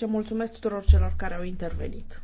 Deci, mulțumesc tuturor celor care au intervenit.